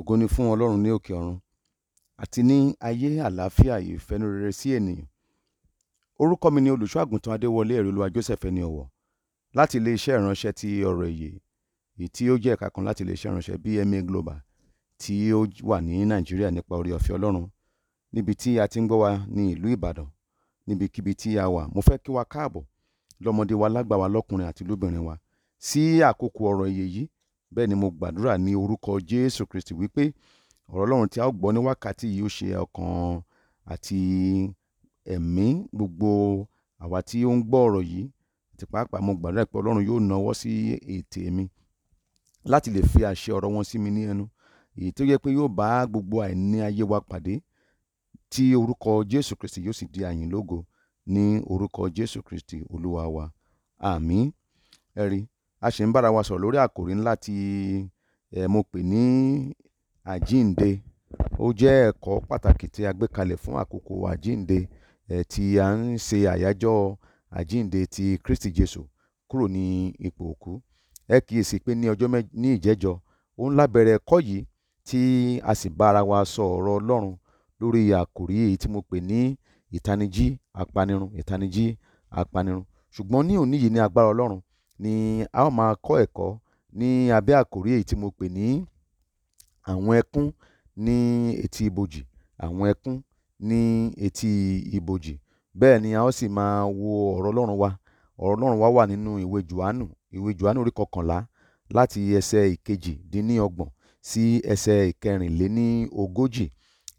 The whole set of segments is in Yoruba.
Ògo ni fún Ọlọ́run ní òkè ọ̀run àti ní ayé àlàáfíà ìfẹ́nurere sí ènìyàn. Orúkọ mi ni olùṣọ́àgùntàn Adéwọlé Ẹ̀ríolúwa Joseph ẹni ọ̀wọ̀ láti iléeṣẹ́ ìránṣẹ́ ti ọ̀rọ̀ ìyè èyí tí ó jẹ́ ẹ̀ka kan láti iléeṣẹ́ ìránṣẹ́ BMA Global tí ó wà ní Nàìjíríà nípa oore ọ̀fẹ́ Ọlọ́run níbi tí a ti ń gbọ́ wa ní ìlú Ìbàdàn níbikíbi tí a wà. Mo fẹ́ kí wa káàbọ̀ lọ́mọdé wa lágbà wa lọ́kùnrin àti lóbìnrin wa sí àkókò ọ̀rọ̀ ìyè yìí Bẹ́ẹ̀ ni mo gbàdúrà ní orúkọ Jésù Kristi wípé ọ̀rọ̀ Ọlọ́run tí a ó gbọ́ ní wákàtí yìí ó ṣe ọkàn àti ẹ̀mí gbogbo àwa tí ó ń gbọ́ ọ̀rọ̀ yìí àti pàápàá mo gbàdúrà pé Ọlọ́run yóò nawọ́ sí ètè mi láti lè fi àṣẹ ọ̀rọ̀ wọn sí mi ní ẹnu èyí tó yẹ pé yóò bá gbogbo àìní ayé wa pàdé tí orúkọ Jésù Kristi yóò sì di àyìn ní orúkọ Jésù Kristi Olúwa wa àmín ẹ̀rí a ṣì ń bára wa sọ̀rọ̀ lórí àkòrí ńlá tí um mo pè ní àjíǹde. Ó jẹ́ ẹ̀kọ́ pàtàkì tí a gbé kalẹ̀ fún àkókò àjíǹde tí à ń ṣe àyájọ́ àjíǹde ti Kristi Jesu kúrò ní ipò òkú. Ẹ kíyèsí pé ní ọjọ́ mẹ́ ní ìjẹ́jọ, òun lá bẹ̀rẹ̀ ẹ̀kọ́ yìí tí a sì bá wa sọ Ọlọ́run lórí àkòrí èyí tí mo pè ní ìtanijí apanirun ìtanijí apanirun. Ṣùgbọ́n ní òní yìí ní agbára Ọlọ́run ni a ó máa kọ́ ẹ̀kọ́ ní abẹ́ àkòrí èyí tí mo pè ní àwọn ẹkún ní etí ibojì àwọn ẹkún ní etí ibojì bẹ́ẹ̀ ni a ó sì máa wo ọ̀rọ̀ Ọlọ́run wa ọ̀rọ̀ Ọlọ́run wa wà nínú ìwé Jòhánù ìwé Jòhánù orí kọkànlá láti ẹsẹ̀ ìkejì dín ní ọgbọ̀n sí ẹsẹ̀ ìkẹrìnléní ogójì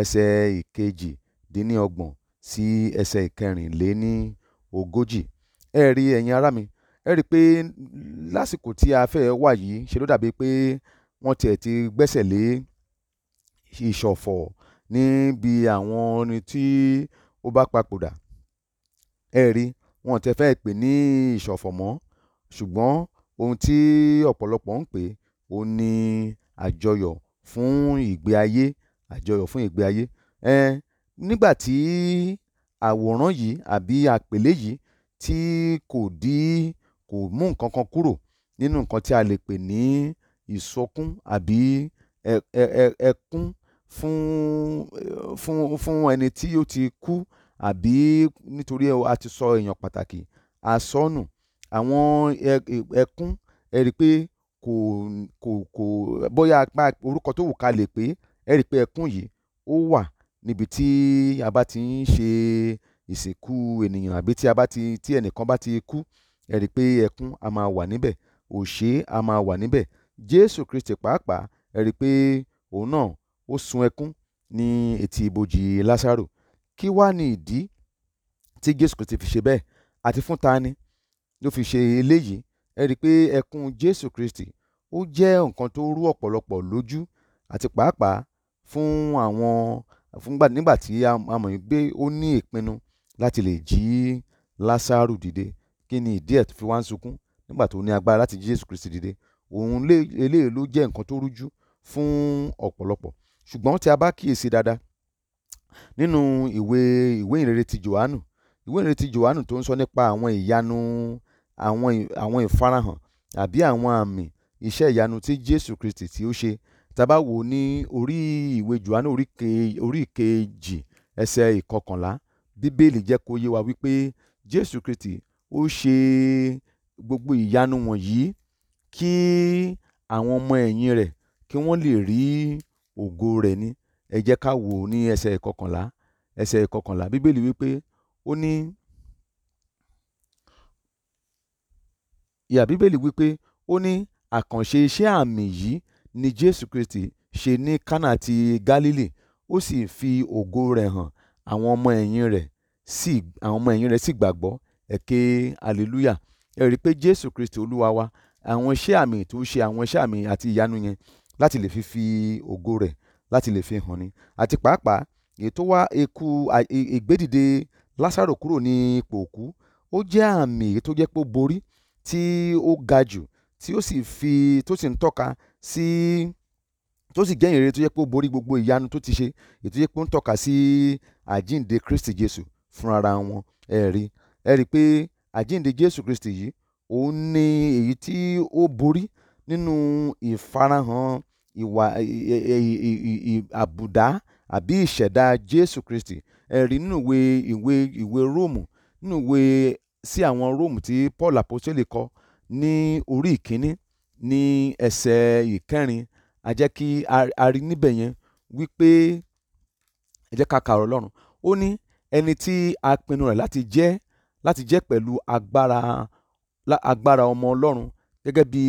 ẹsẹ̀ ìkejì dín ní ọgbọ̀n sí ẹsẹ̀ ìkẹrìnléní ogójì ẹ rí ẹ̀yin ará mi ẹ rí i pé lásìkò tí a fẹ́ẹ́ wà yìí ṣe ló dàbí pé wọ́n tiẹ̀ ti gbẹ́sẹ̀ lé ìṣọ̀fọ̀ níbi àwọn ẹni tí ó bá papòdà ẹ rí wọn tẹ fẹ́ pè ní ìṣọ̀fọ̀ mọ́ ṣùgbọ́n ohun tí ọ̀pọ̀lọpọ̀ ń pè ó ní àjọyọ̀ fún ìgbé ayé àjọyọ̀ fún ìgbé ayé ẹ nígbà tí àwòrán yìí àbí àpèlé yìí tí kò dí kò mú nǹkan kan kúrò nínú nǹkan tí a lè pè ní ìsọkún àbí ẹkún fún fún fún ẹni tí ó ti kú àbí nítorí a ti sọ èèyàn pàtàkì àsọnù àwọn ẹkún ẹ rí i pé kò kò kò bóyá apá orúkọ tó wù ká lè pé ẹ rí i pé ẹkún yìí ó wà níbi tí a bá ti ń ṣe ìsìnkú ènìyàn àbí tí a bá ti tí ẹnìkan bá ti kú ẹ rí i pé ẹkún a máa wà níbẹ̀ òṣì a máa wà níbẹ̀ jésù kristi pàápàá ẹ pé òun náà ó sun ẹkún ní etí ibojì lásàrò kí wá ni ìdí tí jésù kristi fi ṣe bẹ́ẹ̀ àti fún ta ni ló fi ṣe eléyìí ẹ rí i pé ẹkún jésù kristi ó jẹ́ nǹkan tó rú ọ̀pọ̀lọpọ̀ lójú àti pàápàá fún àwọn fúngbà nígbà tí amọ̀ yìí gbé ó ní ìpinnu láti lè jí lásàrò dìde kí ni ìdí ẹ̀ tó fi wá ń sunkún nígbà tó ní agbára láti jí Jésù Kristi dìde òun eléyìí ló jẹ́ nǹkan tó rújú fún ọ̀pọ̀lọpọ̀ ṣùgbọ́n tí a bá kíyèsí dáadáa nínú ìwé ìwé ìrere ti Jòhánù ìwé ìrere ti Jòhánù tó ń sọ nípa àwọn ìyanu àwọn àwọn ìfarahàn àbí àwọn àmì iṣẹ́ ìyanu tí Jésù Kristi tí ó ṣe tá bá wò ní orí ìwé Jòhánù orí kejì ẹsẹ̀ ìkọkànlá bíbélì jẹ́ kó yé wa wípé Jésù Kristi ó ṣe gbogbo ìyanu wọ̀nyí kí àwọn ọmọ ẹ̀yìn rẹ̀ kí wọ́n lè rí ògo rẹ̀ ni ẹ jẹ́ ká wò ó ní ẹsẹ̀ ìkọkànlá ẹsẹ̀ ìkọkànlá bíbélì wípé ó ní ìyá bíbélì wípé ó ní àkànṣe iṣẹ́ àmì yìí ni jésù kristi ṣe ní kánà ti gálílì ó sì fi ògo rẹ̀ hàn àwọn ọmọ ẹ̀yìn rẹ̀ sì àwọn ọmọ ẹ̀yìn rẹ̀ sì gbàgbọ́ ẹ ké hallelujah ẹ rí i pé jésù kristi olúwa wa àwọn iṣẹ́ àmì tó ṣe àwọn iṣẹ́ àmì àti ìyanu yẹn láti lè fi fi ògo rẹ̀ láti lè fi hàn ni àti pàápàá èyí tó wá ikú ìgbédìde lásàrò kúrò ní ipò òkú ó jẹ́ àmì èyí tó jẹ́ pé ó borí tí ó ga jù tí ó sì fi tó sì ń tọ́ka sí tó sì jẹ́ ìrere tó jẹ́ pé ó borí gbogbo ìyanu tó ti ṣe èyí tó jẹ́ pé ó ń tọ́ka sí àjíǹde kristi jésù fúnra wọn ẹ̀rí ẹ rí i pé àjíǹde jésù kristi yìí òun ni èyí tí ó borí nínú ìfarahàn ìwà àbùdá àbí ìṣẹ̀dá jésù kristi ẹ rí nínú ìwé ìwé ìwé róòmù nínú ìwé sí àwọn róòmù tí paul apostoli kọ ní orí ìkíní ní ẹsẹ̀ ìkẹrin a jẹ́ kí a rí níbẹ̀ yẹn wípé ẹ jẹ́ ká ka ọ̀rọ̀ ọlọ́run ó ní ẹni tí a pinnu rẹ̀ láti jẹ́ láti jẹ́ pẹ̀lú agbára agbára ọmọ ọlọ́run gẹ́gẹ́ bí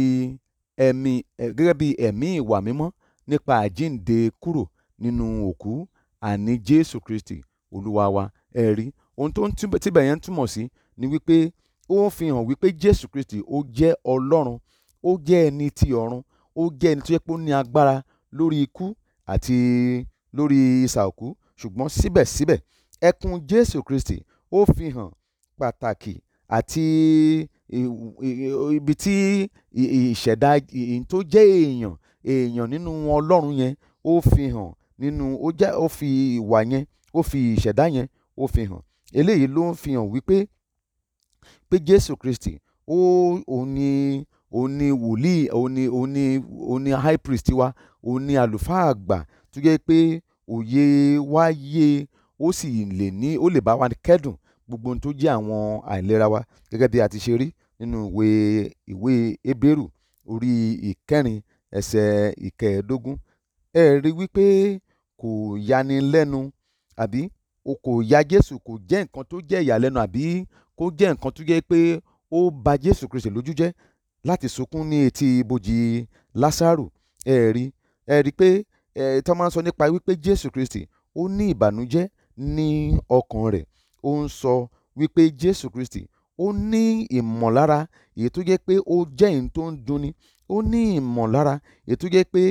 ẹ̀mí gẹ́gẹ́ bí ẹ̀mí ìwà mímọ́ nípa àjíǹde kúrò nínú òkú àní jésù kristi olúwa wa ẹ̀rí ohun tó ń tíbẹ̀ yẹn ń túmọ̀ sí ni wípé ó ń fi hàn wípé jésù kristi ó jẹ́ ọlọ́run ó jẹ́ ẹni ti ọ̀run ó jẹ́ ẹni tó yẹ pé ó ní agbára lórí ikú àti lórí isà ṣùgbọ́n síbẹ̀síbẹ̀ ẹkún jésù kristi ó fi hàn pàtàkì àti ibi tí ìṣẹ̀dá tó jẹ́ èèyàn èèyàn nínú ọlọ́run yẹn ó fi hàn nínú ó jẹ́ ó fi ìwà yẹn ó fi ìṣẹ̀dá yẹn ó fi hàn eléyìí ló ń fi hàn wípé pé jésù kristi ó òun ni òun ni wòlíì òun ni òun ni òun ni high priest wa òun ni àlùfáà àgbà tó jẹ́ pé òye wa yé ó sì lè ní ó lè bá wa kẹ́dùn gbogbo ohun tó jẹ́ àwọn àìlera wa gẹ́gẹ́ bí a ti ṣe rí nínú ìwé ìwé Hébérù orí ìkẹrin ẹsẹ̀ ìkẹẹ̀ẹ́dógún ẹ rí i wípé kò yani lẹ́nu àbí o kò ya Jésù kò jẹ́ nǹkan tó jẹ́ ìyàlẹ́nu àbí kó jẹ́ nǹkan tó jẹ́ pé ó ba Jésù Kristi lójú jẹ́ láti sunkún ní etí ibojì Lásárù ẹ rí ẹ rí pé ẹ tó máa ń sọ nípa wípé Jésù Kristi ó ní ìbànújẹ́ ní ọkàn rẹ̀ ó ń sọ wípé jésù kristi ó ní ìmọ̀lára èyí tó jẹ́ pé ó jẹ́ èyí tó ń dunni ó ní ìmọ̀lára èyí tó jẹ́ pé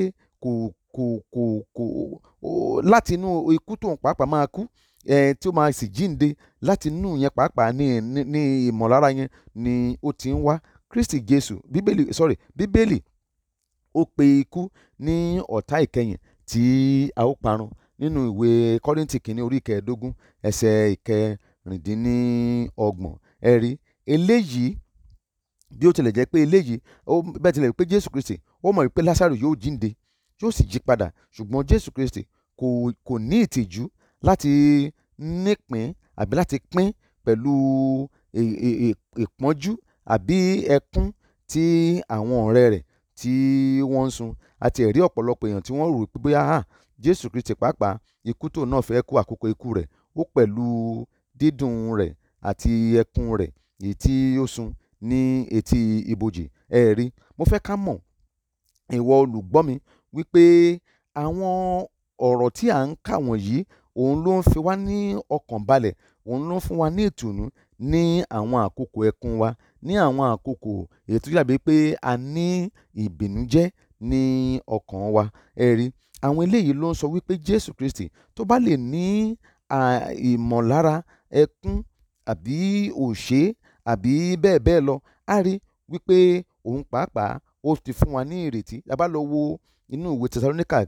kò kò kò kò láti inú ikú tó ń pàápàá máa kú ẹ tí ó máa sì jíǹde láti inú yẹn pàápàá ní ní ìmọ̀lára yẹn ni ó ti ń wá kristi jésù bíbélì sorry bíbélì ó pe ikú ní ọ̀tá ìkẹyìn tí a ó parun nínú ìwé kọ́rìntì kìíní orí ìkẹẹ̀ẹ́dógún ẹsẹ̀ ìkẹrìndínlọ́gbọ̀n ẹ rí eléyìí bí ó tilẹ̀ jẹ́ pé eléyìí bẹ́ẹ̀ tilẹ̀ pé jésù kristi ó mọ̀ wípé lásàrò yóò jíǹde yóò sì jí padà ṣùgbọ́n jésù kristi kò kò ní ìtìjú láti nípín àbí láti pín pẹ̀lú ìpọ́njú àbí ẹkún tí àwọn ọ̀rẹ́ rẹ̀ tí wọ́n ń sun àti ẹ̀rí ọ̀pọ̀lọpọ̀ èèyàn tí wọ́n rò pé bóyá jésù kristi pàápàá ikú tó náà fẹ́ kú àkókò ikú rẹ̀ ó pẹ̀lú dídùn rẹ̀ àti ẹkún rẹ̀ èyí tí ó sun ní etí ibojì ẹ rí mo fẹ́ ká mọ̀ ìwọ olùgbọ́ mi wípé àwọn ọ̀rọ̀ tí à ń kà wọ̀nyí òun ló ń fi wá ní ọkàn balẹ̀ òun ló ń fún wa ní ìtùnú ní àwọn àkókò ẹkún wa ní àwọn àkókò èyí yàgbé pé a ní ìbìnújẹ́ ní ọkàn wa ẹ rí àwọn eléyìí ló ń sọ wípé jésù kristi tó bá lè ní ìmọ̀lára ẹkún àbí òṣè àbí bẹ́ẹ̀ bẹ́ẹ̀ lọ á rí wípé òun pàápàá ó ti fún wa ní ìrètí a bá lọ wo inú ìwé tẹsalónìkà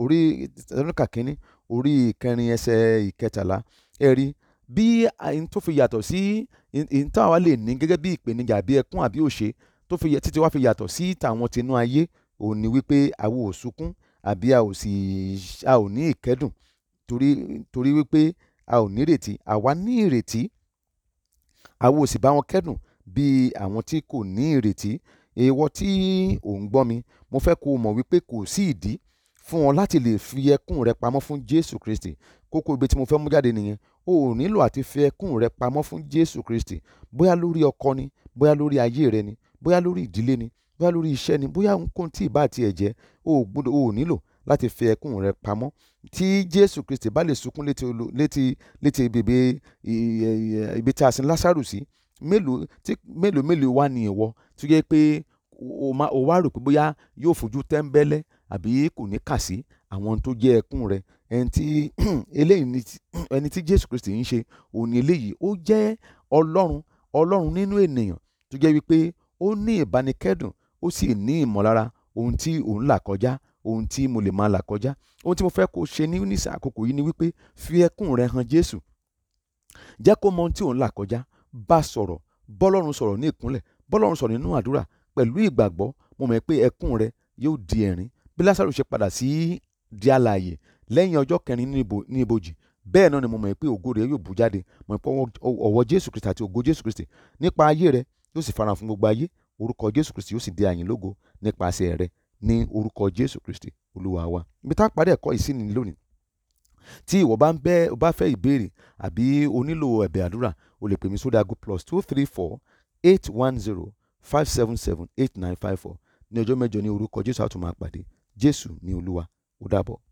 orí tẹsalónìkà kínní orí ìkẹrin ẹsẹ̀ ìkẹtàlá ẹ rí bí n tó fi yàtọ̀ sí n tó àwa lè ní gẹ́gẹ́ bí ìpèníjà àbí ẹkún àbí òṣè tó fi títí wá fi yàtọ̀ sí tàwọn tinú ayé òun wípé àwo ò àbí a ò sì a ò ní ìkẹ́dùn torí torí wípé a ò nírètí àwa ní ìrètí àwa ò sì bá wọn kẹ́dùn bí àwọn tí kò ní ìrètí èèwọ̀ tí ò ń gbọ́ mi mo fẹ́ kó o mọ̀ wípé kò sí ìdí fún ọ láti lè fi ẹkún rẹ pamọ́ fún Jésù Kristi kókó ibi tí mo fẹ́ mú jáde nìyẹn o ò nílò àti fi ẹkún rẹ pamọ́ fún Jésù Kristi bóyá lórí ọkọ ni bóyá lórí ayé rẹ ni bóyá lórí ìdílé ni bóyá lórí iṣẹ́ ni bóyá ohunkóhun tí ìbá tiẹ̀ jẹ́ o ò gbọ́dọ̀ o ò nílò láti fi ẹkún rẹ pamọ́ tí jésù kristi bá lè sunkún létí létí létí bèbè ibi tí a sin lásàrù sí mélòó tí mélòó mélòó wá ní ìwọ tó yẹ pé o wá rò pé bóyá yóò fojú tẹ́ńbẹ́lẹ́ àbí kò ní kà sí àwọn tó jẹ́ ẹkún rẹ ẹni tí eléyìí ẹni tí jésù kristi ń ṣe òun ni eléyìí ó jẹ́ ọlọ́run ọlọ́run nínú ènìyàn tó jẹ́ wípé ó ní ìbánikẹ́dùn ó sì ní ìmọ̀lára ohun tí òun là kọjá ohun tí mo lè máa là kọjá ohun tí mo fẹ́ kó ṣe ní nísà àkókò yìí ni wípé fi ẹkún rẹ hàn Jésù jẹ́ kó mọ ohun tí òun là kọjá bá sọ̀rọ̀ bọ́lọ́run sọ̀rọ̀ ní ìkúnlẹ̀ bọ́lọ́run sọ̀rọ̀ nínú àdúrà pẹ̀lú ìgbàgbọ́ mo mọ̀ pé ẹkún rẹ yóò di ẹ̀rín bí Lásárù ṣe padà sí di alààyè lẹ́yìn ọjọ́ kẹrin ní ibojì bẹ́ẹ̀ náà ni mo mọ̀ pé ògo rẹ yóò bú jáde mọ̀ pé ọwọ́ Jésù Kristi àti ògo Jésù Kristi nípa ayé rẹ yóò sì farahàn fún gbogbo ayé orúkọ jésù kristi yóò sì dé àyìn lógo nípasẹ̀ rẹ ní orúkọ jésù kristi olúwa wa ibi tá a parí ẹ̀kọ́ yìí sí ni lónìí tí ìwọ bá ń bẹ ọ bá fẹ́ ìbéèrè àbí o nílò àdúrà o lè pè mí sórí aago plus two three four eight one zero five seven seven eight nine five four ní ọjọ́ mẹ́jọ ní orúkọ jésù a tún máa pàdé jésù ní olúwa ó dàbọ̀.